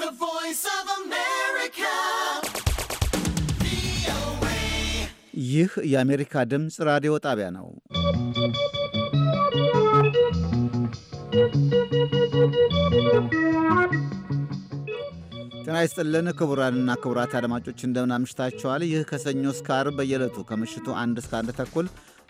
The Voice of America. ይህ የአሜሪካ ድምፅ ራዲዮ ጣቢያ ነው። ጤና ይስጥልን ክቡራንና ክቡራት አድማጮች እንደምን አምሽታችኋል። ይህ ከሰኞ እስከ ዓርብ በየዕለቱ ከምሽቱ አንድ እስከ አንድ ተኩል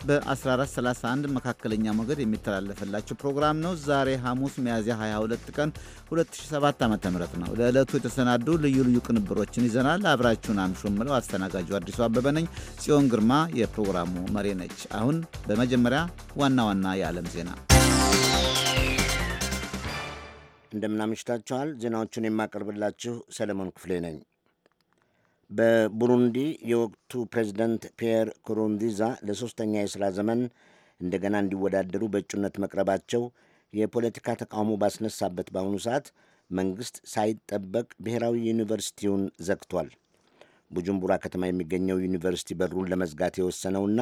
በ1431 መካከለኛ ሞገድ የሚተላለፍላችሁ ፕሮግራም ነው። ዛሬ ሐሙስ ሚያዝያ 22 ቀን 2007 ዓ ም ነው። ለዕለቱ የተሰናዱ ልዩ ልዩ ቅንብሮችን ይዘናል። አብራችሁን አምሹ ምለው አስተናጋጁ አዲሱ አበበ ነኝ። ጽዮን ግርማ የፕሮግራሙ መሪ ነች። አሁን በመጀመሪያ ዋና ዋና የዓለም ዜና እንደምናምሽታችኋል። ዜናዎቹን የማቀርብላችሁ ሰለሞን ክፍሌ ነኝ። በቡሩንዲ የወቅቱ ፕሬዚደንት ፒየር ኩሩንዲዛ ለሦስተኛ የሥራ ዘመን እንደገና እንዲወዳደሩ በእጩነት መቅረባቸው የፖለቲካ ተቃውሞ ባስነሳበት በአሁኑ ሰዓት መንግሥት ሳይጠበቅ ብሔራዊ ዩኒቨርሲቲውን ዘግቷል። ቡጁምቡራ ከተማ የሚገኘው ዩኒቨርሲቲ በሩን ለመዝጋት የወሰነውና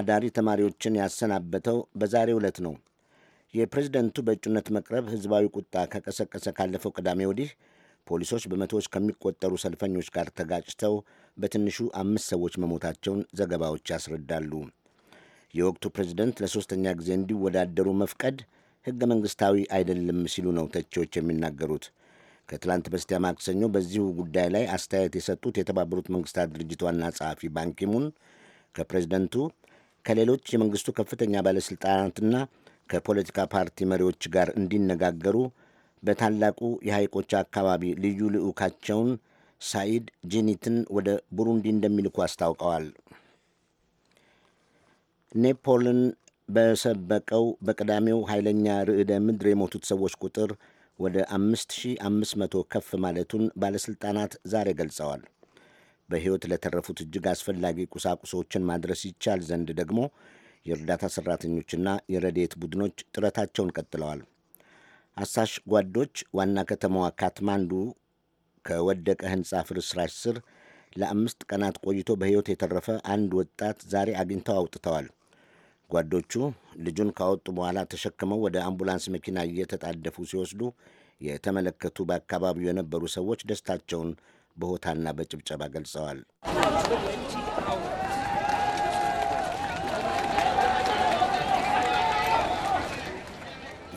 አዳሪ ተማሪዎችን ያሰናበተው በዛሬ ዕለት ነው። የፕሬዝደንቱ በእጩነት መቅረብ ሕዝባዊ ቁጣ ከቀሰቀሰ ካለፈው ቅዳሜ ወዲህ ፖሊሶች በመቶዎች ከሚቆጠሩ ሰልፈኞች ጋር ተጋጭተው በትንሹ አምስት ሰዎች መሞታቸውን ዘገባዎች ያስረዳሉ። የወቅቱ ፕሬዝደንት ለሦስተኛ ጊዜ እንዲወዳደሩ መፍቀድ ሕገ መንግሥታዊ አይደለም ሲሉ ነው ተቺዎች የሚናገሩት። ከትላንት በስቲያ ማክሰኞ በዚሁ ጉዳይ ላይ አስተያየት የሰጡት የተባበሩት መንግስታት ድርጅት ዋና ጸሐፊ ባንኪሙን ከፕሬዝደንቱ ከሌሎች የመንግስቱ ከፍተኛ ባለሥልጣናትና ከፖለቲካ ፓርቲ መሪዎች ጋር እንዲነጋገሩ በታላቁ የሐይቆች አካባቢ ልዩ ልዑካቸውን ሳኢድ ጂኒትን ወደ ቡሩንዲ እንደሚልኩ አስታውቀዋል። ኔፖልን በሰበቀው በቅዳሜው ኃይለኛ ርዕደ ምድር የሞቱት ሰዎች ቁጥር ወደ 5500 ከፍ ማለቱን ባለሥልጣናት ዛሬ ገልጸዋል። በሕይወት ለተረፉት እጅግ አስፈላጊ ቁሳቁሶችን ማድረስ ይቻል ዘንድ ደግሞ የእርዳታ ሠራተኞችና የረድኤት ቡድኖች ጥረታቸውን ቀጥለዋል። አሳሽ ጓዶች ዋና ከተማዋ ካትማንዱ ከወደቀ ሕንፃ ፍርስራሽ ስር ለአምስት ቀናት ቆይቶ በሕይወት የተረፈ አንድ ወጣት ዛሬ አግኝተው አውጥተዋል። ጓዶቹ ልጁን ካወጡ በኋላ ተሸክመው ወደ አምቡላንስ መኪና እየተጣደፉ ሲወስዱ የተመለከቱ በአካባቢው የነበሩ ሰዎች ደስታቸውን በሆታና በጭብጨባ ገልጸዋል።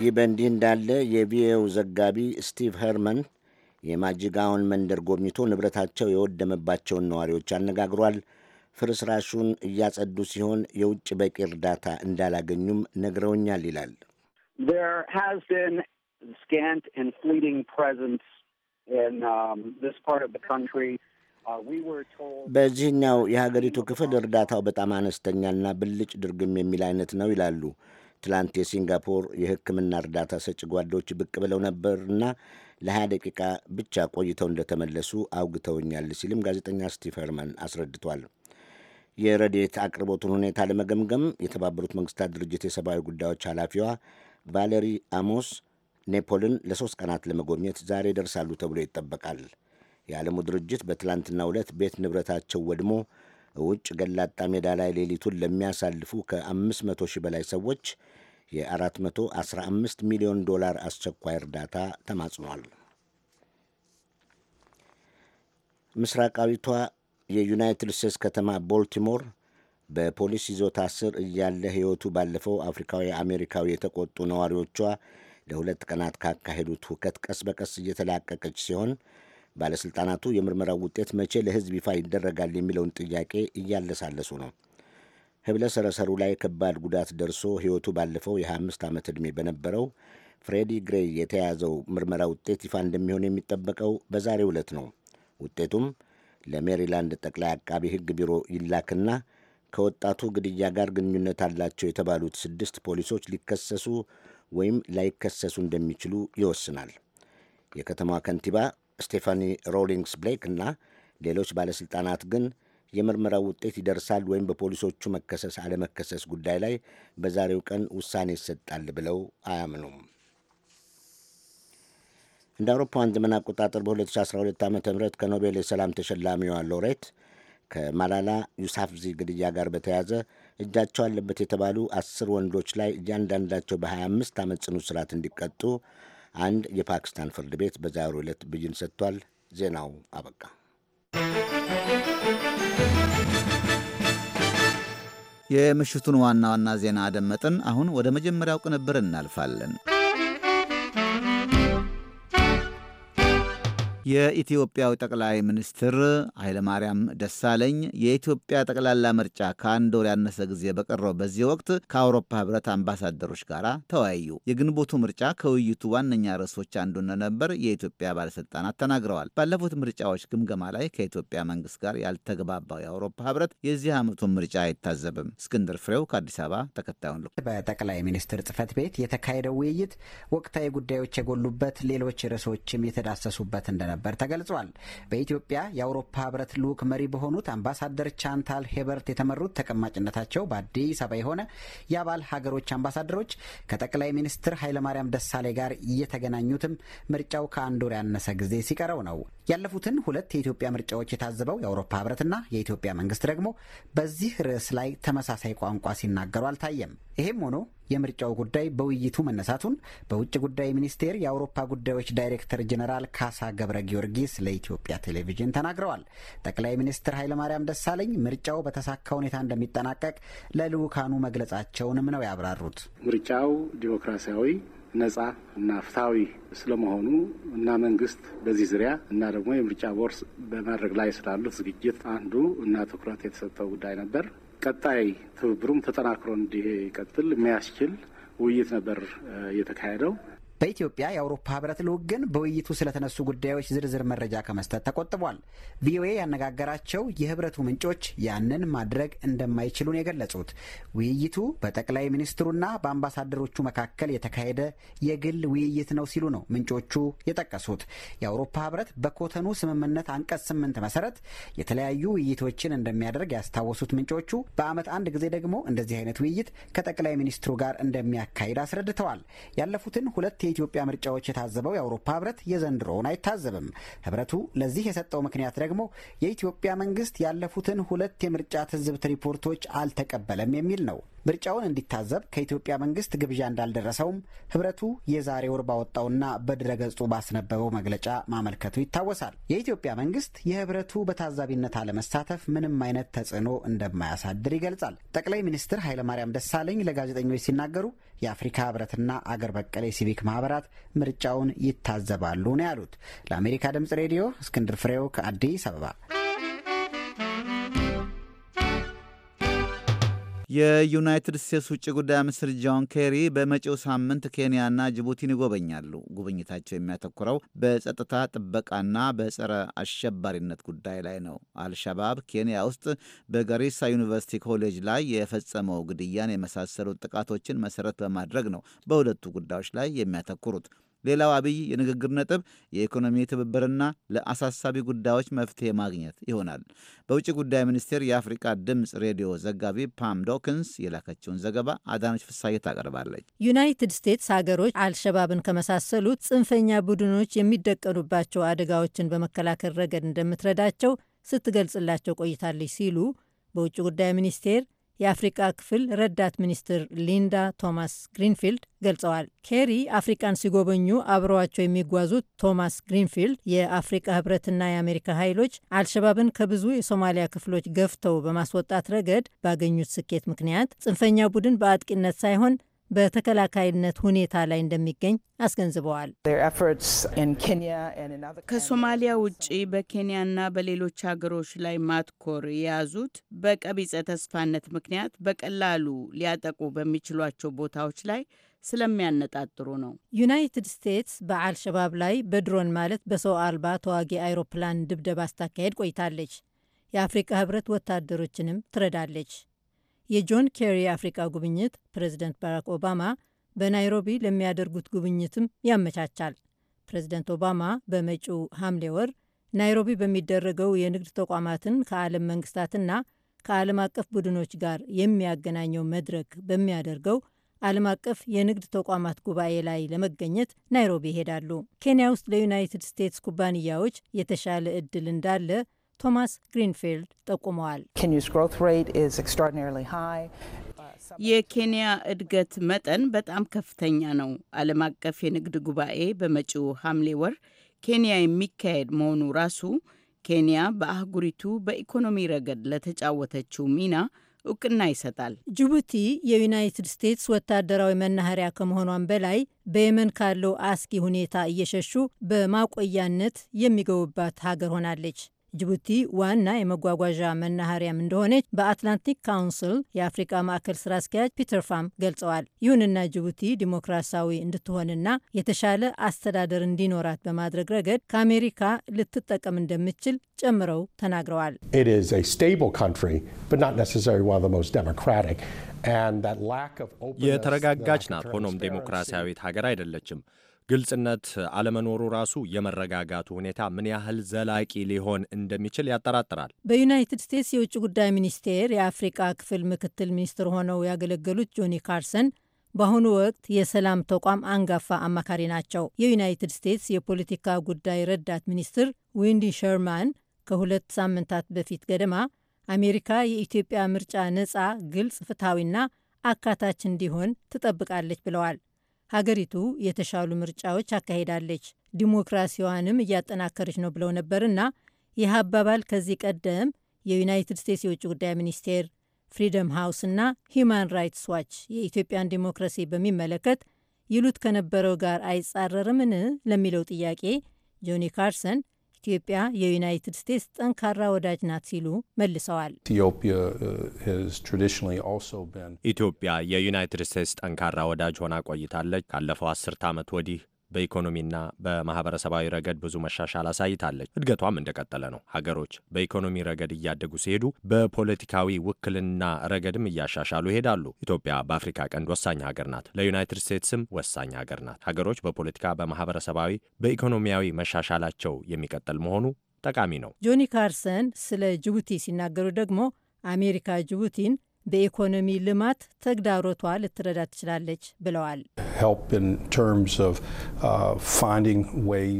ይህ በእንዲህ እንዳለ የቪኦኤው ዘጋቢ ስቲቭ ሄርመን የማጅጋውን መንደር ጎብኝቶ ንብረታቸው የወደመባቸውን ነዋሪዎች አነጋግሯል። ፍርስራሹን እያጸዱ ሲሆን የውጭ በቂ እርዳታ እንዳላገኙም ነግረውኛል ይላል። um, uh, በዚህኛው የሀገሪቱ ክፍል እርዳታው በጣም አነስተኛና ብልጭ ድርግም የሚል አይነት ነው ይላሉ ትላንት የሲንጋፖር የሕክምና እርዳታ ሰጭ ጓዶች ብቅ ብለው ነበርና ለ20 ደቂቃ ብቻ ቆይተው እንደተመለሱ አውግተውኛል ሲልም ጋዜጠኛ ስቲፈርመን አስረድቷል። የረዴት አቅርቦቱን ሁኔታ ለመገምገም የተባበሩት መንግስታት ድርጅት የሰብአዊ ጉዳዮች ኃላፊዋ ቫሌሪ አሞስ ኔፖልን ለሶስት ቀናት ለመጎብኘት ዛሬ ደርሳሉ ተብሎ ይጠበቃል። የዓለሙ ድርጅት በትላንትናው ዕለት ቤት ንብረታቸው ወድሞ ውጭ ገላጣ ሜዳ ላይ ሌሊቱን ለሚያሳልፉ ከ500 ሺህ በላይ ሰዎች የ415 ሚሊዮን ዶላር አስቸኳይ እርዳታ ተማጽኗል። ምስራቃዊቷ የዩናይትድ ስቴትስ ከተማ ቦልቲሞር በፖሊስ ይዞታ ስር እያለ ሕይወቱ ባለፈው አፍሪካዊ አሜሪካዊ የተቆጡ ነዋሪዎቿ ለሁለት ቀናት ካካሄዱት ሁከት ቀስ በቀስ እየተላቀቀች ሲሆን ባለሥልጣናቱ የምርመራው ውጤት መቼ ለሕዝብ ይፋ ይደረጋል የሚለውን ጥያቄ እያለሳለሱ ነው። ህብለ ሰረሰሩ ላይ ከባድ ጉዳት ደርሶ ሕይወቱ ባለፈው የ25 ዓመት ዕድሜ በነበረው ፍሬዲ ግሬይ የተያዘው ምርመራ ውጤት ይፋ እንደሚሆን የሚጠበቀው በዛሬው ዕለት ነው። ውጤቱም ለሜሪላንድ ጠቅላይ አቃቢ ሕግ ቢሮ ይላክና ከወጣቱ ግድያ ጋር ግንኙነት አላቸው የተባሉት ስድስት ፖሊሶች ሊከሰሱ ወይም ላይከሰሱ እንደሚችሉ ይወስናል። የከተማዋ ከንቲባ ስቴፋኒ ሮሊንግስ ብሌክ እና ሌሎች ባለሥልጣናት ግን የምርመራው ውጤት ይደርሳል ወይም በፖሊሶቹ መከሰስ አለመከሰስ ጉዳይ ላይ በዛሬው ቀን ውሳኔ ይሰጣል ብለው አያምኑም። እንደ አውሮፓውያን ዘመን አቆጣጠር በ2012 ዓ ም ከኖቤል የሰላም ተሸላሚዋ ሎሬት ከማላላ ዩሳፍዚ ግድያ ጋር በተያያዘ እጃቸው አለበት የተባሉ አስር ወንዶች ላይ እያንዳንዳቸው በ25 ዓመት ጽኑ እስራት እንዲቀጡ አንድ የፓኪስታን ፍርድ ቤት በዛሬው ዕለት ብይን ሰጥቷል። ዜናው አበቃ። የምሽቱን ዋና ዋና ዜና አደመጥን። አሁን ወደ መጀመሪያው ቅንብር እናልፋለን። የኢትዮጵያው ጠቅላይ ሚኒስትር ኃይለማርያም ደሳለኝ የኢትዮጵያ ጠቅላላ ምርጫ ከአንድ ወር ያነሰ ጊዜ በቀረው በዚህ ወቅት ከአውሮፓ ሕብረት አምባሳደሮች ጋር ተወያዩ። የግንቦቱ ምርጫ ከውይይቱ ዋነኛ ርዕሶች አንዱ እንደነበር የኢትዮጵያ ባለስልጣናት ተናግረዋል። ባለፉት ምርጫዎች ግምገማ ላይ ከኢትዮጵያ መንግስት ጋር ያልተግባባው የአውሮፓ ሕብረት የዚህ ዓመቱን ምርጫ አይታዘብም። እስክንድር ፍሬው ከአዲስ አበባ ተከታዩን ልኩ። በጠቅላይ ሚኒስትር ጽህፈት ቤት የተካሄደው ውይይት ወቅታዊ ጉዳዮች የጎሉበት፣ ሌሎች ርዕሶችም የተዳሰሱበት እንደነበር እንደነበር ተገልጿል። በኢትዮጵያ የአውሮፓ ህብረት ልዑክ መሪ በሆኑት አምባሳደር ቻንታል ሄበርት የተመሩት ተቀማጭነታቸው በአዲስ አበባ የሆነ የአባል ሀገሮች አምባሳደሮች ከጠቅላይ ሚኒስትር ኃይለማርያም ደሳሌ ጋር እየተገናኙትም ምርጫው ከአንድ ወር ያነሰ ጊዜ ሲቀረው ነው። ያለፉትን ሁለት የኢትዮጵያ ምርጫዎች የታዘበው የአውሮፓ ህብረትና የኢትዮጵያ መንግስት ደግሞ በዚህ ርዕስ ላይ ተመሳሳይ ቋንቋ ሲናገሩ አልታየም። ይህም ሆኖ የምርጫው ጉዳይ በውይይቱ መነሳቱን በውጭ ጉዳይ ሚኒስቴር የአውሮፓ ጉዳዮች ዳይሬክተር ጀኔራል ካሳ ገብረ ጊዮርጊስ ለኢትዮጵያ ቴሌቪዥን ተናግረዋል። ጠቅላይ ሚኒስትር ኃይለማርያም ደሳለኝ ምርጫው በተሳካ ሁኔታ እንደሚጠናቀቅ ለልዑካኑ መግለጻቸውንም ነው ያብራሩት። ምርጫው ዲሞክራሲያዊ ነጻ እና ፍትሐዊ ስለመሆኑ እና መንግስት በዚህ ዙሪያ እና ደግሞ የምርጫ ቦርስ በማድረግ ላይ ስላሉት ዝግጅት አንዱ እና ትኩረት የተሰጠው ጉዳይ ነበር። ቀጣይ ትብብሩም ተጠናክሮ እንዲቀጥል የሚያስችል ውይይት ነበር የተካሄደው። በኢትዮጵያ የአውሮፓ ህብረት ልዑክ ግን በውይይቱ ስለተነሱ ጉዳዮች ዝርዝር መረጃ ከመስጠት ተቆጥቧል። ቪኦኤ ያነጋገራቸው የህብረቱ ምንጮች ያንን ማድረግ እንደማይችሉን የገለጹት። ውይይቱ በጠቅላይ ሚኒስትሩና በአምባሳደሮቹ መካከል የተካሄደ የግል ውይይት ነው ሲሉ ነው ምንጮቹ የጠቀሱት። የአውሮፓ ህብረት በኮተኑ ስምምነት አንቀጽ ስምንት መሰረት የተለያዩ ውይይቶችን እንደሚያደርግ ያስታወሱት ምንጮቹ በዓመት አንድ ጊዜ ደግሞ እንደዚህ አይነት ውይይት ከጠቅላይ ሚኒስትሩ ጋር እንደሚያካሂድ አስረድተዋል። ያለፉትን ሁለት የኢትዮጵያ ምርጫዎች የታዘበው የአውሮፓ ህብረት የዘንድሮውን አይታዘብም። ህብረቱ ለዚህ የሰጠው ምክንያት ደግሞ የኢትዮጵያ መንግስት ያለፉትን ሁለት የምርጫ ትዝብት ሪፖርቶች አልተቀበለም የሚል ነው። ምርጫውን እንዲታዘብ ከኢትዮጵያ መንግስት ግብዣ እንዳልደረሰውም ህብረቱ የዛሬ ወር ባወጣውና በድረገጹ ባስነበበው መግለጫ ማመልከቱ ይታወሳል። የኢትዮጵያ መንግስት የህብረቱ በታዛቢነት አለመሳተፍ ምንም አይነት ተጽዕኖ እንደማያሳድር ይገልጻል። ጠቅላይ ሚኒስትር ኃይለማርያም ደሳለኝ ለጋዜጠኞች ሲናገሩ የአፍሪካ ህብረትና አገር በቀል የሲቪክ ማ ማህበራት ምርጫውን ይታዘባሉ ነው ያሉት። ለአሜሪካ ድምጽ ሬዲዮ እስክንድር ፍሬው ከአዲስ አበባ የዩናይትድ ስቴትስ ውጭ ጉዳይ ሚኒስትር ጆን ኬሪ በመጪው ሳምንት ኬንያና ጅቡቲን ይጎበኛሉ። ጉብኝታቸው የሚያተኩረው በጸጥታ ጥበቃና በጸረ አሸባሪነት ጉዳይ ላይ ነው። አልሸባብ ኬንያ ውስጥ በጋሪሳ ዩኒቨርሲቲ ኮሌጅ ላይ የፈጸመው ግድያን የመሳሰሉ ጥቃቶችን መሰረት በማድረግ ነው በሁለቱ ጉዳዮች ላይ የሚያተኩሩት። ሌላው አብይ የንግግር ነጥብ የኢኮኖሚ ትብብርና ለአሳሳቢ ጉዳዮች መፍትሄ ማግኘት ይሆናል። በውጭ ጉዳይ ሚኒስቴር የአፍሪቃ ድምፅ ሬዲዮ ዘጋቢ ፓም ዶክንስ የላከችውን ዘገባ አዳኖች ፍሳዬ ታቀርባለች። ዩናይትድ ስቴትስ ሀገሮች አልሸባብን ከመሳሰሉት ጽንፈኛ ቡድኖች የሚደቀኑባቸው አደጋዎችን በመከላከል ረገድ እንደምትረዳቸው ስትገልጽላቸው ቆይታለች ሲሉ በውጭ ጉዳይ ሚኒስቴር የአፍሪቃ ክፍል ረዳት ሚኒስትር ሊንዳ ቶማስ ግሪንፊልድ ገልጸዋል። ኬሪ አፍሪቃን ሲጎበኙ አብረዋቸው የሚጓዙት ቶማስ ግሪንፊልድ የአፍሪቃ ህብረትና የአሜሪካ ኃይሎች አልሸባብን ከብዙ የሶማሊያ ክፍሎች ገፍተው በማስወጣት ረገድ ባገኙት ስኬት ምክንያት ጽንፈኛ ቡድን በአጥቂነት ሳይሆን በተከላካይነት ሁኔታ ላይ እንደሚገኝ አስገንዝበዋል። ከሶማሊያ ውጭ በኬንያና በሌሎች ሀገሮች ላይ ማትኮር የያዙት በቀቢጸ ተስፋነት ምክንያት በቀላሉ ሊያጠቁ በሚችሏቸው ቦታዎች ላይ ስለሚያነጣጥሩ ነው። ዩናይትድ ስቴትስ በአልሸባብ ላይ በድሮን ማለት በሰው አልባ ተዋጊ አይሮፕላን ድብደባ ስታካሄድ ቆይታለች። የአፍሪቃ ህብረት ወታደሮችንም ትረዳለች። የጆን ኬሪ የአፍሪቃ ጉብኝት ፕሬዚደንት ባራክ ኦባማ በናይሮቢ ለሚያደርጉት ጉብኝትም ያመቻቻል። ፕሬዚደንት ኦባማ በመጪው ሐምሌ ወር ናይሮቢ በሚደረገው የንግድ ተቋማትን ከዓለም መንግስታትና ከዓለም አቀፍ ቡድኖች ጋር የሚያገናኘው መድረክ በሚያደርገው ዓለም አቀፍ የንግድ ተቋማት ጉባኤ ላይ ለመገኘት ናይሮቢ ይሄዳሉ። ኬንያ ውስጥ ለዩናይትድ ስቴትስ ኩባንያዎች የተሻለ እድል እንዳለ ቶማስ ግሪንፊልድ ጠቁመዋል። የኬንያ እድገት መጠን በጣም ከፍተኛ ነው። ዓለም አቀፍ የንግድ ጉባኤ በመጪው ሐምሌ ወር ኬንያ የሚካሄድ መሆኑ ራሱ ኬንያ በአህጉሪቱ በኢኮኖሚ ረገድ ለተጫወተችው ሚና እውቅና ይሰጣል። ጅቡቲ የዩናይትድ ስቴትስ ወታደራዊ መናኸሪያ ከመሆኗን በላይ በየመን ካለው አስጊ ሁኔታ እየሸሹ በማቆያነት የሚገቡባት ሀገር ሆናለች። ጅቡቲ ዋና የመጓጓዣ መናኸሪያም እንደሆነች በአትላንቲክ ካውንስል የአፍሪቃ ማዕከል ስራ አስኪያጅ ፒተር ፋም ገልጸዋል። ይሁንና ጅቡቲ ዲሞክራሲያዊ እንድትሆንና የተሻለ አስተዳደር እንዲኖራት በማድረግ ረገድ ከአሜሪካ ልትጠቀም እንደምትችል ጨምረው ተናግረዋል። የተረጋጋች ናት። ሆኖም ዴሞክራሲያዊት ሀገር አይደለችም። ግልጽነት አለመኖሩ ራሱ የመረጋጋቱ ሁኔታ ምን ያህል ዘላቂ ሊሆን እንደሚችል ያጠራጥራል። በዩናይትድ ስቴትስ የውጭ ጉዳይ ሚኒስቴር የአፍሪቃ ክፍል ምክትል ሚኒስትር ሆነው ያገለገሉት ጆኒ ካርሰን በአሁኑ ወቅት የሰላም ተቋም አንጋፋ አማካሪ ናቸው። የዩናይትድ ስቴትስ የፖለቲካ ጉዳይ ረዳት ሚኒስትር ዊንዲ ሸርማን ከሁለት ሳምንታት በፊት ገደማ አሜሪካ የኢትዮጵያ ምርጫ ነፃ፣ ግልጽ፣ ፍትሐዊና አካታች እንዲሆን ትጠብቃለች ብለዋል። ሀገሪቱ የተሻሉ ምርጫዎች አካሂዳለች፣ ዲሞክራሲዋንም እያጠናከረች ነው ብለው ነበርና ይህ አባባል ከዚህ ቀደም የዩናይትድ ስቴትስ የውጭ ጉዳይ ሚኒስቴር፣ ፍሪደም ሃውስ እና ሂዩማን ራይትስ ዋች የኢትዮጵያን ዲሞክራሲ በሚመለከት ይሉት ከነበረው ጋር አይጻረርምን ለሚለው ጥያቄ ጆኒ ካርሰን ኢትዮጵያ የዩናይትድ ስቴትስ ጠንካራ ወዳጅ ናት ሲሉ መልሰዋል። ኢትዮጵያ uh, የዩናይትድ ስቴትስ ጠንካራ ወዳጅ ሆና ቆይታለች። ካለፈው አስርተ ዓመት ወዲህ በኢኮኖሚና በማህበረሰባዊ ረገድ ብዙ መሻሻል አሳይታለች። እድገቷም እንደቀጠለ ነው። ሀገሮች በኢኮኖሚ ረገድ እያደጉ ሲሄዱ በፖለቲካዊ ውክልና ረገድም እያሻሻሉ ይሄዳሉ። ኢትዮጵያ በአፍሪካ ቀንድ ወሳኝ ሀገር ናት። ለዩናይትድ ስቴትስም ወሳኝ ሀገር ናት። ሀገሮች በፖለቲካ በማህበረሰባዊ፣ በኢኮኖሚያዊ መሻሻላቸው የሚቀጥል መሆኑ ጠቃሚ ነው። ጆኒ ካርሰን ስለ ጅቡቲ ሲናገሩ ደግሞ አሜሪካ ጅቡቲን በኢኮኖሚ ልማት ተግዳሮቷ ልትረዳ ትችላለች ብለዋል። uh, uh,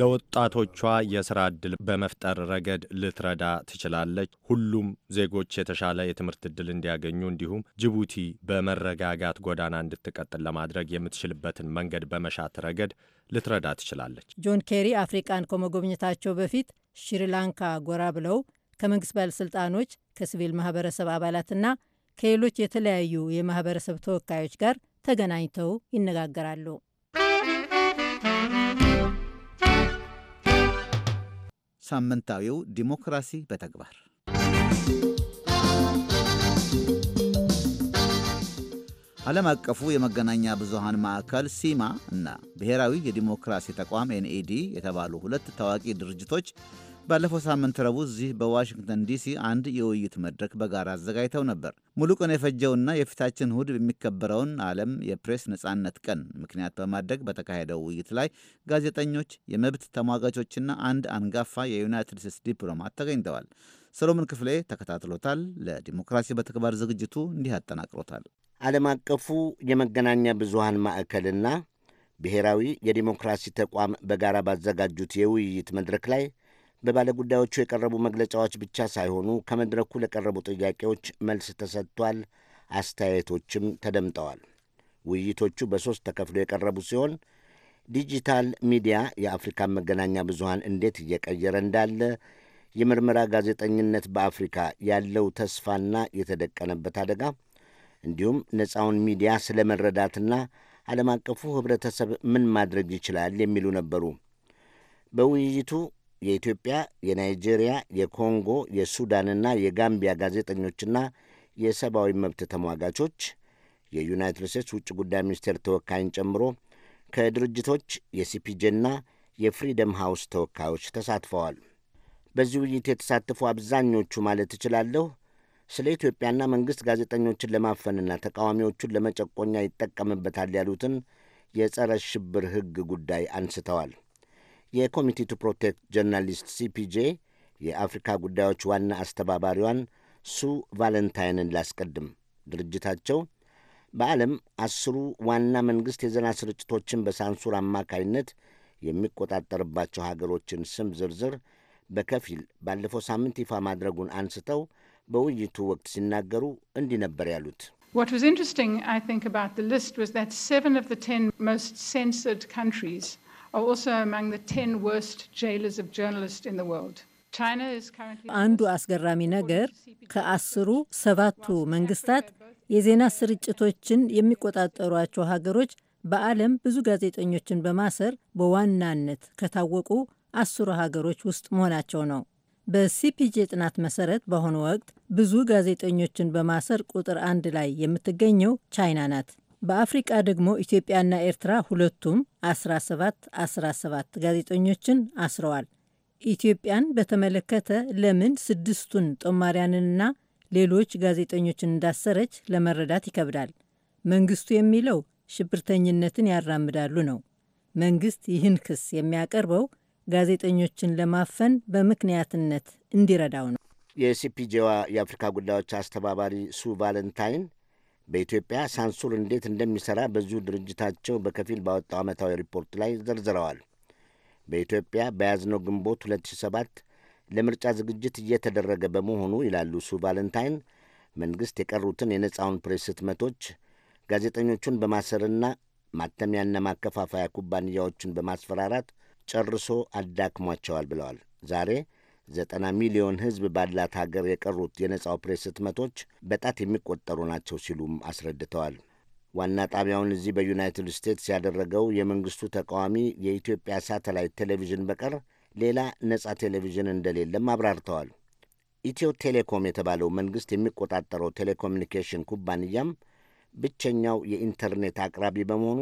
ለወጣቶቿ የስራ ዕድል በመፍጠር ረገድ ልትረዳ ትችላለች። ሁሉም ዜጎች የተሻለ የትምህርት ዕድል እንዲያገኙ እንዲሁም ጅቡቲ በመረጋጋት ጎዳና እንድትቀጥል ለማድረግ የምትችልበትን መንገድ በመሻት ረገድ ልትረዳ ትችላለች። ጆን ኬሪ አፍሪቃን ከመጎብኘታቸው በፊት ሽሪላንካ ጎራ ብለው ከመንግስት ባለሥልጣኖች ከሲቪል ማህበረሰብ አባላትና ከሌሎች የተለያዩ የማህበረሰብ ተወካዮች ጋር ተገናኝተው ይነጋገራሉ። ሳምንታዊው ዲሞክራሲ በተግባር ዓለም አቀፉ የመገናኛ ብዙሃን ማዕከል ሲማ እና ብሔራዊ የዲሞክራሲ ተቋም ኤንኢዲ የተባሉ ሁለት ታዋቂ ድርጅቶች ባለፈው ሳምንት ረቡዕ እዚህ በዋሽንግተን ዲሲ አንድ የውይይት መድረክ በጋራ አዘጋጅተው ነበር። ሙሉ ቀን የፈጀውና የፊታችን እሁድ የሚከበረውን ዓለም የፕሬስ ነጻነት ቀን ምክንያት በማድረግ በተካሄደው ውይይት ላይ ጋዜጠኞች፣ የመብት ተሟጋቾችና አንድ አንጋፋ የዩናይትድ ስቴትስ ዲፕሎማት ተገኝተዋል። ሰሎሞን ክፍሌ ተከታትሎታል። ለዲሞክራሲ በተግባር ዝግጅቱ እንዲህ አጠናቅሮታል። ዓለም አቀፉ የመገናኛ ብዙሃን ማዕከልና ብሔራዊ የዲሞክራሲ ተቋም በጋራ ባዘጋጁት የውይይት መድረክ ላይ በባለጉዳዮቹ የቀረቡ መግለጫዎች ብቻ ሳይሆኑ ከመድረኩ ለቀረቡ ጥያቄዎች መልስ ተሰጥቷል። አስተያየቶችም ተደምጠዋል። ውይይቶቹ በሦስት ተከፍሎ የቀረቡ ሲሆን ዲጂታል ሚዲያ የአፍሪካን መገናኛ ብዙሃን እንዴት እየቀየረ እንዳለ፣ የምርመራ ጋዜጠኝነት በአፍሪካ ያለው ተስፋና የተደቀነበት አደጋ እንዲሁም ነፃውን ሚዲያ ስለ መረዳትና ዓለም አቀፉ ኅብረተሰብ ምን ማድረግ ይችላል የሚሉ ነበሩ። በውይይቱ የኢትዮጵያ፣ የናይጄሪያ፣ የኮንጎ፣ የሱዳንና የጋምቢያ ጋዜጠኞችና የሰብአዊ መብት ተሟጋቾች የዩናይትድ ስቴትስ ውጭ ጉዳይ ሚኒስቴር ተወካይን ጨምሮ ከድርጅቶች የሲፒጄና የፍሪደም ሃውስ ተወካዮች ተሳትፈዋል። በዚህ ውይይት የተሳተፉ አብዛኞቹ ማለት እችላለሁ ስለ ኢትዮጵያና መንግሥት ጋዜጠኞችን ለማፈንና ተቃዋሚዎቹን ለመጨቆኛ ይጠቀምበታል ያሉትን የጸረ ሽብር ሕግ ጉዳይ አንስተዋል። የኮሚቴ ቱ ፕሮቴክት ጀርናሊስት ሲፒጄ የአፍሪካ ጉዳዮች ዋና አስተባባሪዋን ሱ ቫለንታይንን ላስቀድም። ድርጅታቸው በዓለም አስሩ ዋና መንግሥት የዜና ስርጭቶችን በሳንሱር አማካይነት የሚቆጣጠርባቸው ሀገሮችን ስም ዝርዝር በከፊል ባለፈው ሳምንት ይፋ ማድረጉን አንስተው በውይይቱ ወቅት ሲናገሩ እንዲህ ነበር ያሉት። What was interesting, I think, about the list was that seven of the ten most censored countries are also among the 10 worst jailers of journalists in the world. አንዱ አስገራሚ ነገር ከአስሩ ሰባቱ መንግስታት የዜና ስርጭቶችን የሚቆጣጠሯቸው ሀገሮች በዓለም ብዙ ጋዜጠኞችን በማሰር በዋናነት ከታወቁ አስሩ ሀገሮች ውስጥ መሆናቸው ነው። በሲፒጄ ጥናት መሰረት በአሁኑ ወቅት ብዙ ጋዜጠኞችን በማሰር ቁጥር አንድ ላይ የምትገኘው ቻይና ናት። በአፍሪቃ ደግሞ ኢትዮጵያና ኤርትራ ሁለቱም 17 17 ጋዜጠኞችን አስረዋል። ኢትዮጵያን በተመለከተ ለምን ስድስቱን ጦማሪያንንና ሌሎች ጋዜጠኞችን እንዳሰረች ለመረዳት ይከብዳል። መንግስቱ የሚለው ሽብርተኝነትን ያራምዳሉ ነው። መንግስት ይህን ክስ የሚያቀርበው ጋዜጠኞችን ለማፈን በምክንያትነት እንዲረዳው ነው። የሲፒጄዋ የአፍሪካ ጉዳዮች አስተባባሪ ሱ ቫለንታይን በኢትዮጵያ ሳንሱር እንዴት እንደሚሠራ በዚሁ ድርጅታቸው በከፊል ባወጣው ዓመታዊ ሪፖርት ላይ ዘርዝረዋል። በኢትዮጵያ በያዝነው ግንቦት 2007 ለምርጫ ዝግጅት እየተደረገ በመሆኑ ይላሉ ሱ ቫለንታይን፣ መንግሥት የቀሩትን የነጻውን ፕሬስ ህትመቶች ጋዜጠኞቹን በማሰርና ማተሚያና ማከፋፈያ ኩባንያዎችን በማስፈራራት ጨርሶ አዳክሟቸዋል ብለዋል። ዛሬ ዘጠና ሚሊዮን ሕዝብ ባላት ሀገር የቀሩት የነጻው ፕሬስ ህትመቶች በጣት የሚቆጠሩ ናቸው ሲሉም አስረድተዋል። ዋና ጣቢያውን እዚህ በዩናይትድ ስቴትስ ያደረገው የመንግስቱ ተቃዋሚ የኢትዮጵያ ሳተላይት ቴሌቪዥን በቀር ሌላ ነጻ ቴሌቪዥን እንደሌለም አብራርተዋል። ኢትዮ ቴሌኮም የተባለው መንግሥት የሚቆጣጠረው ቴሌኮሚኒኬሽን ኩባንያም ብቸኛው የኢንተርኔት አቅራቢ በመሆኑ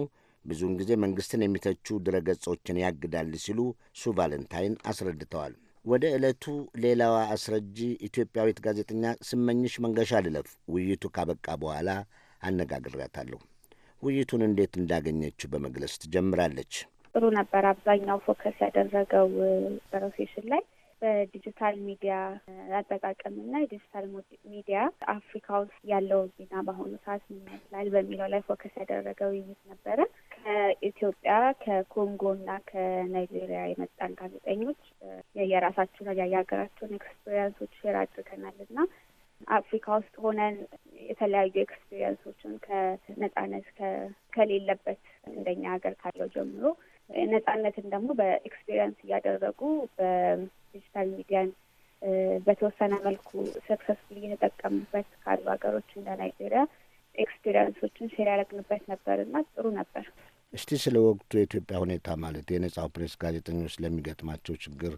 ብዙውን ጊዜ መንግሥትን የሚተቹ ድረገጾችን ያግዳል ሲሉ ሱ ቫለንታይን አስረድተዋል። ወደ ዕለቱ ሌላዋ አስረጂ ኢትዮጵያዊት ጋዜጠኛ ስመኝሽ መንገሻ ልለፍ። ውይይቱ ካበቃ በኋላ አነጋግሬያታለሁ። ውይይቱን እንዴት እንዳገኘችው በመግለጽ ትጀምራለች። ጥሩ ነበር። አብዛኛው ፎከስ ያደረገው በሮሴሽን ላይ በዲጂታል ሚዲያ አጠቃቀምና የዲጂታል ሚዲያ አፍሪካ ውስጥ ያለው ዜና በአሁኑ ሰዓት ምን ይመስላል በሚለው ላይ ፎከስ ያደረገ ውይይት ነበረ። ከኢትዮጵያ ከኮንጎና ከናይጄሪያ የመጣን ጋዜጠኞች የራሳቸውን የየሀገራቸውን ኤክስፔሪንሶች ሼር አድርገናል እና አፍሪካ ውስጥ ሆነን የተለያዩ ኤክስፔሪንሶችን ከነጻነት ከሌለበት እንደኛ ሀገር ካለው ጀምሮ ነጻነትን ደግሞ በኤክስፔሪንስ እያደረጉ ዲጂታል ሚዲያን በተወሰነ መልኩ ሰክሰስፉል እየተጠቀሙበት ካሉ ሀገሮች እንደ ናይጄሪያ ኤክስፔሪንሶችን ሼር ያደረግንበት ነበር እና ጥሩ ነበር። እስቲ ስለ ወቅቱ የኢትዮጵያ ሁኔታ ማለት የነጻው ፕሬስ ጋዜጠኞች ስለሚገጥማቸው ችግር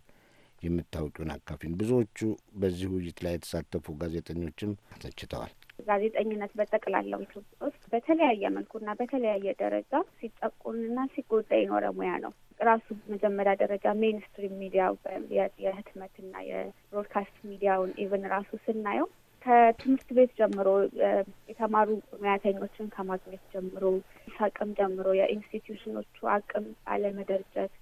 የምታውቂውን አካፊን። ብዙዎቹ በዚህ ውይይት ላይ የተሳተፉ ጋዜጠኞችም ተችተዋል። ጋዜጠኝነት በጠቅላላው ኢትዮጵያ ውስጥ በተለያየ መልኩና በተለያየ ደረጃ ሲጠቁንና ሲጎዳ የኖረ ሙያ ነው። ራሱ መጀመሪያ ደረጃ ሜንስትሪም ሚዲያው የህትመትና የብሮድካስት ሚዲያውን ኢቨን ራሱ ስናየው ከትምህርት ቤት ጀምሮ የተማሩ ሙያተኞችን ከማግኘት ጀምሮ አቅም ጀምሮ የኢንስቲትዩሽኖቹ አቅም አለመደርጀት፣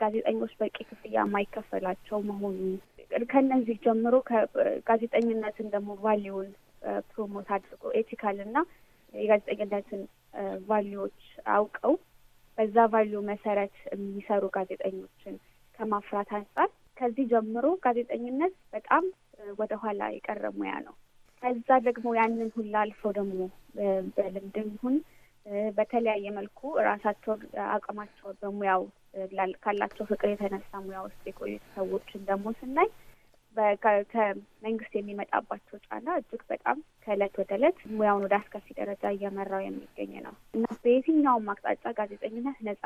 ጋዜጠኞች በቂ ክፍያ የማይከፈላቸው መሆኑ ከእነዚህ ጀምሮ ጋዜጠኝነትን ደግሞ ቫሊውን ፕሮሞት አድርጎ ኤቲካል እና የጋዜጠኝነትን ቫሊዎች አውቀው በዛ ቫሊዩ መሰረት የሚሰሩ ጋዜጠኞችን ከማፍራት አንጻር ከዚህ ጀምሮ ጋዜጠኝነት በጣም ወደኋላ የቀረ ሙያ ነው። ከዛ ደግሞ ያንን ሁላ አልፈው ደግሞ በልምድም ይሁን በተለያየ መልኩ ራሳቸውን አቅማቸውን በሙያው ካላቸው ፍቅር የተነሳ ሙያ ውስጥ የቆዩት ሰዎችን ደግሞ ስናይ ከመንግስት የሚመጣባቸው ጫና እጅግ በጣም ከእለት ወደ እለት ሙያውን ወደ አስከፊ ደረጃ እየመራው የሚገኝ ነው እና በየትኛውም አቅጣጫ ጋዜጠኝነት ነጻ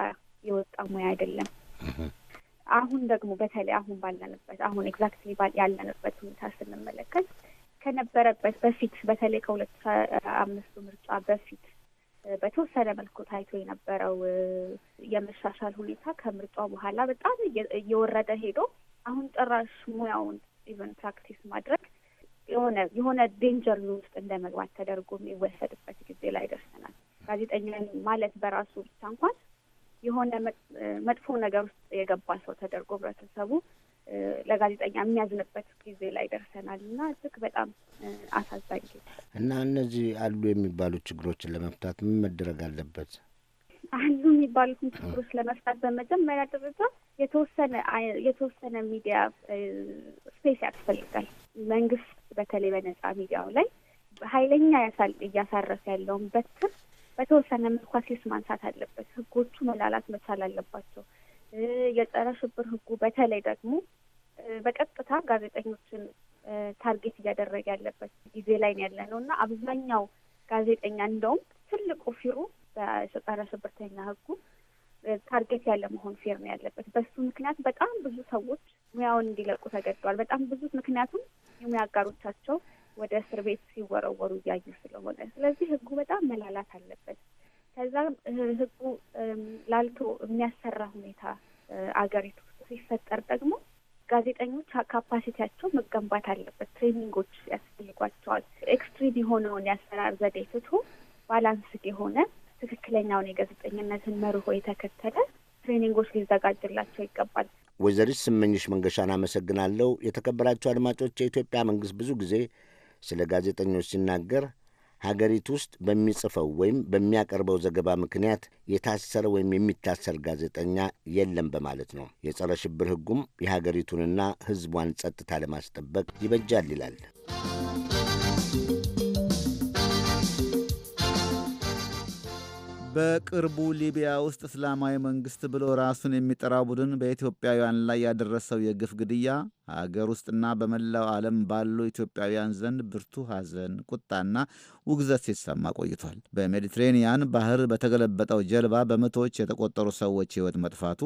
የወጣ ሙያ አይደለም። አሁን ደግሞ በተለይ አሁን ባለንበት አሁን ኤግዛክትሊ ያለንበት ሁኔታ ስንመለከት ከነበረበት በፊት በተለይ ከሁለት አምስቱ ምርጫ በፊት በተወሰነ መልኩ ታይቶ የነበረው የመሻሻል ሁኔታ ከምርጫው በኋላ በጣም እየወረደ ሄዶ አሁን ጭራሽ ሙያውን ኢቨን ፕራክቲስ ማድረግ የሆነ የሆነ ዴንጀር ውስጥ እንደ መግባት ተደርጎ የሚወሰድበት ጊዜ ላይ ደርሰናል። ጋዜጠኛ ማለት በራሱ ብቻ እንኳን የሆነ መጥፎ ነገር ውስጥ የገባ ሰው ተደርጎ ህብረተሰቡ ለጋዜጠኛ የሚያዝንበት ጊዜ ላይ ደርሰናል እና እጅግ በጣም አሳዛኝ እና እነዚህ አሉ የሚባሉ ችግሮችን ለመፍታት ምን መደረግ አለበት? የሚባሉትን ችግሮች ለመፍታት በመጀመሪያ ደረጃ የተወሰነ የተወሰነ ሚዲያ ስፔስ ያስፈልጋል። መንግስት በተለይ በነጻ ሚዲያው ላይ ኃይለኛ እያሳረፈ ያለውን በትር በተወሰነ መልኩ አትሊስት ማንሳት አለበት። ህጎቹ መላላት መቻል አለባቸው። የጸረ ሽብር ህጉ በተለይ ደግሞ በቀጥታ ጋዜጠኞችን ታርጌት እያደረገ ያለበት ጊዜ ላይ ያለ ነው እና አብዛኛው ጋዜጠኛ እንደውም ትልቁ ፊሩ በጸረ ሽብርተኛ ህጉ ታርጌት ያለ መሆን ፌር ነው ያለበት። በሱ ምክንያት በጣም ብዙ ሰዎች ሙያውን እንዲለቁ ተገደዋል። በጣም ብዙ ምክንያቱም የሙያ አጋሮቻቸው ወደ እስር ቤት ሲወረወሩ እያዩ ስለሆነ፣ ስለዚህ ህጉ በጣም መላላት አለበት። ከዛ ህጉ ላልቶ የሚያሰራ ሁኔታ አገሪቱ ሲፈጠር ደግሞ ጋዜጠኞች ካፓሲቲያቸው መገንባት አለበት። ትሬኒንጎች ያስፈልጓቸዋል። ኤክስትሪም የሆነውን የአሰራር ዘዴ ትቶ ባላንስድ የሆነ ትክክለኛውን የጋዜጠኝነትን መርሆ የተከተለ ትሬኒንጎች ሊዘጋጅላቸው ይገባል። ወይዘሪት ስመኝሽ መንገሻን አመሰግናለሁ። የተከበራቸው አድማጮች፣ የኢትዮጵያ መንግስት ብዙ ጊዜ ስለ ጋዜጠኞች ሲናገር ሀገሪቱ ውስጥ በሚጽፈው ወይም በሚያቀርበው ዘገባ ምክንያት የታሰረ ወይም የሚታሰር ጋዜጠኛ የለም በማለት ነው። የጸረ ሽብር ሕጉም የሀገሪቱንና ሕዝቧን ጸጥታ ለማስጠበቅ ይበጃል ይላል። በቅርቡ ሊቢያ ውስጥ እስላማዊ መንግሥት ብሎ ራሱን የሚጠራው ቡድን በኢትዮጵያውያን ላይ ያደረሰው የግፍ ግድያ ሀገር ውስጥና በመላው ዓለም ባሉ ኢትዮጵያውያን ዘንድ ብርቱ ሐዘን፣ ቁጣና ውግዘት ሲሰማ ቆይቷል። በሜዲትሬኒያን ባህር በተገለበጠው ጀልባ በመቶዎች የተቆጠሩ ሰዎች ሕይወት መጥፋቱ፣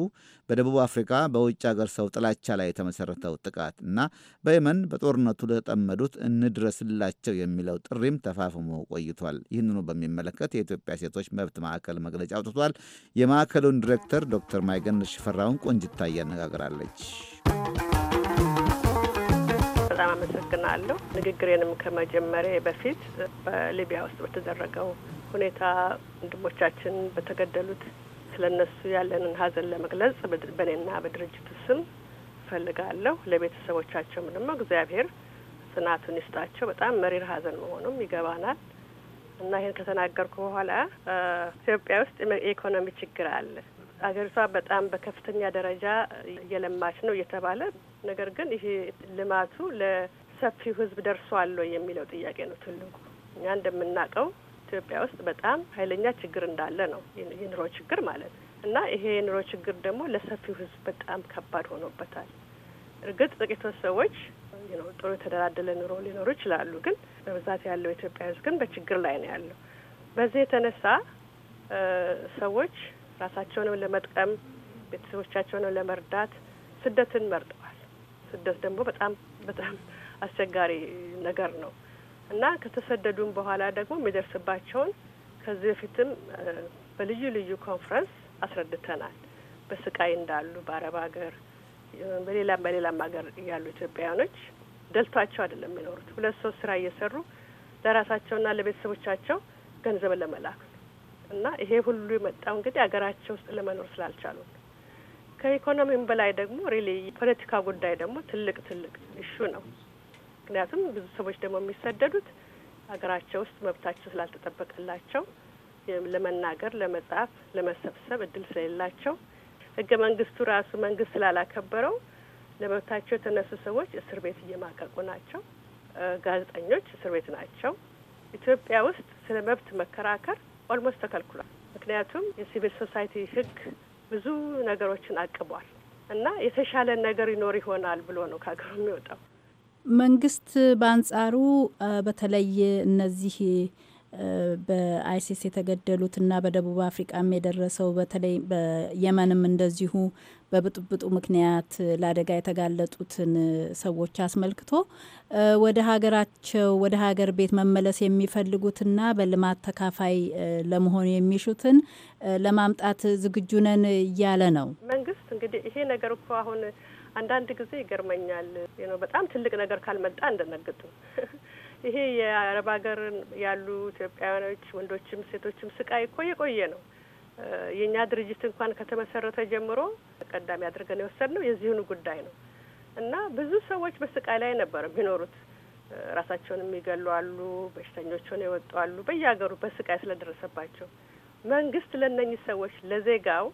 በደቡብ አፍሪካ በውጭ ሀገር ሰው ጥላቻ ላይ የተመሠረተው ጥቃት እና በየመን በጦርነቱ ለተጠመዱት እንድረስላቸው የሚለው ጥሪም ተፋፍሞ ቆይቷል። ይህንኑ በሚመለከት የኢትዮጵያ ሴቶች መብት ማዕከል መግለጫ አውጥቷል። የማዕከሉን ዲሬክተር ዶክተር ማይገን ሽፈራውን ቆንጅታ እያነጋግራለች። አመሰግናለሁ። ንግግሬንም ከመጀመሪያ በፊት በሊቢያ ውስጥ በተደረገው ሁኔታ ወንድሞቻችን በተገደሉት ስለነሱ ያለንን ሀዘን ለመግለጽ በእኔና በድርጅቱ ስም እፈልጋለሁ። ለቤተሰቦቻቸውም ደግሞ እግዚአብሔር ጽናቱን ይስጣቸው። በጣም መሪር ሀዘን መሆኑም ይገባናል እና ይህን ከተናገርኩ በኋላ ኢትዮጵያ ውስጥ የኢኮኖሚ ችግር አለ። አገሪቷ በጣም በከፍተኛ ደረጃ እየለማች ነው እየተባለ ነገር ግን ይሄ ልማቱ ለሰፊው ህዝብ ደርሷል ወይ የሚለው ጥያቄ ነው ትልቁ። እኛ እንደምናውቀው ኢትዮጵያ ውስጥ በጣም ኃይለኛ ችግር እንዳለ ነው የኑሮ ችግር ማለት እና ይሄ የኑሮ ችግር ደግሞ ለሰፊው ህዝብ በጣም ከባድ ሆኖበታል። እርግጥ ጥቂቶች ሰዎች ጥሩ የተደላደለ ኑሮ ሊኖሩ ይችላሉ፣ ግን በብዛት ያለው ኢትዮጵያ ህዝብ ግን በችግር ላይ ነው ያለው። በዚህ የተነሳ ሰዎች ራሳቸውንም ለመጥቀም ቤተሰቦቻቸውንም ለመርዳት ስደትን መርጠዋል። ስደት ደግሞ በጣም በጣም አስቸጋሪ ነገር ነው እና ከተሰደዱም በኋላ ደግሞ የሚደርስባቸውን ከዚህ በፊትም በልዩ ልዩ ኮንፈረንስ አስረድተናል። በስቃይ እንዳሉ በአረብ ሀገር በሌላም በሌላም ሀገር ያሉ ኢትዮጵያውያኖች ደልቷቸው አይደለም የሚኖሩት። ሁለት ሶስት ስራ እየሰሩ ለራሳቸውና ለቤተሰቦቻቸው ገንዘብ ለመላክ እና ይሄ ሁሉ የመጣው እንግዲህ ሀገራቸው ውስጥ ለመኖር ስላልቻሉ ከኢኮኖሚም በላይ ደግሞ ሪሊ ፖለቲካ ጉዳይ ደግሞ ትልቅ ትልቅ እሹ ነው። ምክንያቱም ብዙ ሰዎች ደግሞ የሚሰደዱት ሀገራቸው ውስጥ መብታቸው ስላልተጠበቀላቸው ለመናገር፣ ለመጻፍ፣ ለመሰብሰብ እድል ስለሌላቸው ህገ መንግስቱ ራሱ መንግስት ስላላከበረው ለመብታቸው የተነሱ ሰዎች እስር ቤት እየማቀቁ ናቸው። ጋዜጠኞች እስር ቤት ናቸው። ኢትዮጵያ ውስጥ ስለ መብት መከራከር ኦልሞስት ተከልክሏል። ምክንያቱም የሲቪል ሶሳይቲ ህግ ብዙ ነገሮችን አቅቧል እና የተሻለ ነገር ይኖር ይሆናል ብሎ ነው ከሀገሩ የሚወጣው። መንግስት በአንጻሩ በተለይ እነዚህ በአይሲስ የተገደሉትና በደቡብ አፍሪቃም የደረሰው በተለይ በየመንም እንደዚሁ በብጥብጡ ምክንያት ለአደጋ የተጋለጡትን ሰዎች አስመልክቶ ወደ ሀገራቸው ወደ ሀገር ቤት መመለስ የሚፈልጉትና በልማት ተካፋይ ለመሆን የሚሹትን ለማምጣት ዝግጁ ነን እያለ ነው መንግስት። እንግዲህ ይሄ ነገር እኮ አሁን አንዳንድ ጊዜ ይገርመኛል። በጣም ትልቅ ነገር ካልመጣ እንደነግጡ ይሄ የአረብ ሀገር ያሉ ኢትዮጵያውያኖች ወንዶችም ሴቶችም ስቃይ እኮ የቆየ ነው። የእኛ ድርጅት እንኳን ከተመሰረተ ጀምሮ ተቀዳሚ አድርገን የወሰድነው የዚህኑ ጉዳይ ነው እና ብዙ ሰዎች በስቃይ ላይ ነበር የሚኖሩት። ራሳቸውን የሚገሉ አሉ፣ በሽተኞች የወጡ አሉ፣ በየሀገሩ በስቃይ ስለደረሰባቸው መንግስት ለእነኚህ ሰዎች ለዜጋው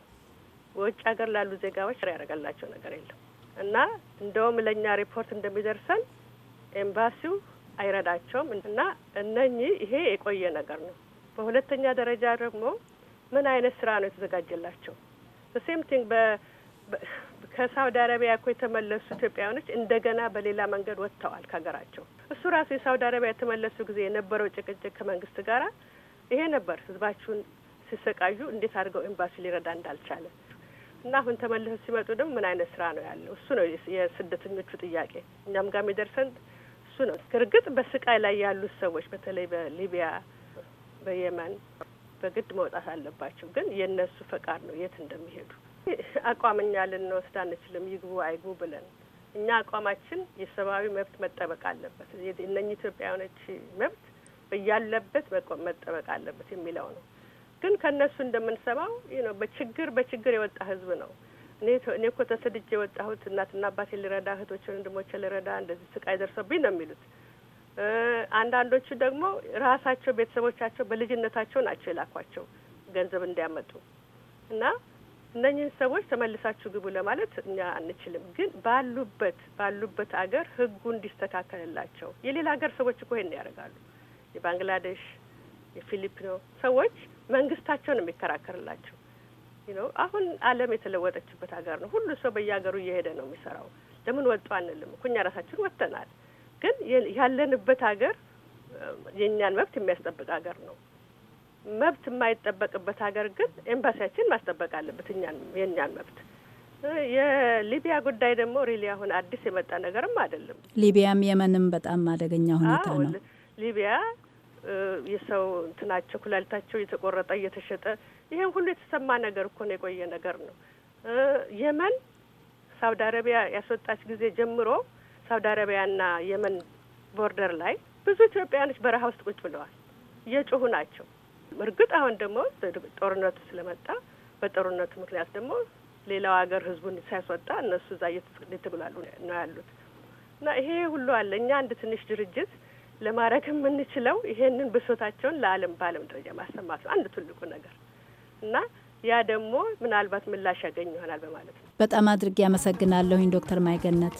በውጭ ሀገር ላሉ ዜጋዎች ያደረገላቸው ነገር የለም እና እንደውም ለእኛ ሪፖርት እንደሚደርሰን ኤምባሲው አይረዳቸውም እና እነኚህ ይሄ የቆየ ነገር ነው። በሁለተኛ ደረጃ ደግሞ ምን አይነት ስራ ነው የተዘጋጀላቸው? በሴምቲንግ ከሳውዲ አረቢያ እኮ የተመለሱ ኢትዮጵያውያኖች እንደገና በሌላ መንገድ ወጥተዋል ከሀገራቸው። እሱ ራሱ የሳውዲ አረቢያ የተመለሱ ጊዜ የነበረው ጭቅጭቅ ከመንግስት ጋር ይሄ ነበር። ህዝባችሁን ሲሰቃዩ እንዴት አድርገው ኤምባሲ ሊረዳ እንዳልቻለ እና አሁን ተመልሰው ሲመጡ ደግሞ ምን አይነት ስራ ነው ያለው? እሱ ነው የስደተኞቹ ጥያቄ። እኛም ጋር የሚደርሰን እሱ ነው። እርግጥ በስቃይ ላይ ያሉት ሰዎች በተለይ በሊቢያ፣ በየመን በግድ መውጣት አለባቸው። ግን የእነሱ ፈቃድ ነው የት እንደሚሄዱ። አቋም እኛ ልንወስድ አንችልም፣ ይግቡ አይግቡ ብለን እኛ አቋማችን የሰብአዊ መብት መጠበቅ አለበት፣ እነኚህ ኢትዮጵያውያኖች መብት በያለበት መጠበቅ አለበት የሚለው ነው። ግን ከእነሱ እንደምንሰማው ነው በችግር በችግር የወጣ ህዝብ ነው እኔ እኮ ተሰድጄ የወጣሁት እናትና አባቴ ልረዳ፣ እህቶች ወንድሞችን ልረዳ፣ እንደዚህ ስቃይ ደርሶብኝ ነው የሚሉት። አንዳንዶቹ ደግሞ ራሳቸው ቤተሰቦቻቸው በልጅነታቸው ናቸው የላኳቸው ገንዘብ እንዲያመጡ እና እነኝህን ሰዎች ተመልሳችሁ ግቡ ለማለት እኛ አንችልም። ግን ባሉበት ባሉበት አገር ህጉ እንዲስተካከልላቸው የሌላ ሀገር ሰዎች እኮ ይሄን ያደርጋሉ። የባንግላዴሽ የፊሊፒኖ ሰዎች መንግስታቸው ነው የሚከራከርላቸው ነው። አሁን ዓለም የተለወጠችበት ሀገር ነው። ሁሉ ሰው በየሀገሩ እየሄደ ነው የሚሰራው። ለምን ወጡ አንልም እኮ እኛ ራሳችን ወጥተናል። ግን ያለንበት ሀገር የእኛን መብት የሚያስጠብቅ ሀገር ነው። መብት የማይጠበቅበት ሀገር ግን ኤምባሲያችን ማስጠበቅ አለበት እኛን የእኛን መብት። የሊቢያ ጉዳይ ደግሞ ሪሊ አሁን አዲስ የመጣ ነገርም አይደለም። ሊቢያም የመንም በጣም አደገኛ ሁኔታ ነው። ሊቢያ የሰው እንትናቸው ኩላሊታቸው እየተቆረጠ እየተሸጠ ይሄን ሁሉ የተሰማ ነገር እኮ ነው፣ የቆየ ነገር ነው። የመን ሳውዲ አረቢያ ያስወጣች ጊዜ ጀምሮ ሳውዲ አረቢያና የመን ቦርደር ላይ ብዙ ኢትዮጵያውያኖች በረሃ ውስጥ ቁጭ ብለዋል፣ እየጮሁ ናቸው። እርግጥ አሁን ደግሞ ጦርነቱ ስለመጣ በጦርነቱ ምክንያት ደግሞ ሌላው ሀገር ህዝቡን ሳያስወጣ እነሱ እዛ እየተጉላሉ ነው ያሉት እና ይሄ ሁሉ አለ። እኛ አንድ ትንሽ ድርጅት ለማድረግ የምንችለው ይሄንን ብሶታቸውን ለዓለም በዓለም ደረጃ ማሰማት ነው አንድ ትልቁ ነገር። እና ያ ደግሞ ምናልባት ምላሽ ያገኝ ይሆናል በማለት ነው። በጣም አድርጌ ያመሰግናለሁኝ ዶክተር ማይገነት።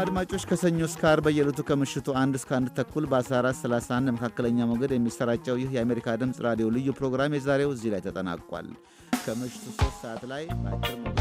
አድማጮች ከሰኞ እስከ አርብ በየዕለቱ ከምሽቱ አንድ እስከ አንድ ተኩል በ1431 መካከለኛ ሞገድ የሚሰራጨው ይህ የአሜሪካ ድምፅ ራዲዮ ልዩ ፕሮግራም የዛሬው እዚህ ላይ ተጠናቋል። ከምሽቱ ሶስት ሰዓት ላይ በአጭር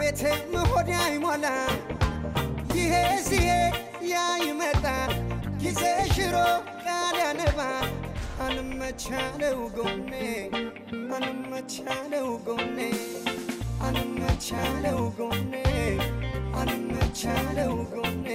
ከቤቴም ሆዴ አይሞላ ይሄ ሲሄድ ያ ይመጣ ጊዜ ሽሮ ቃል ያነባ አንመቻለው ጎኔ አንመቻለው ጎኔ አንመቻለው ጎኔ አንመቻለው ጎኔ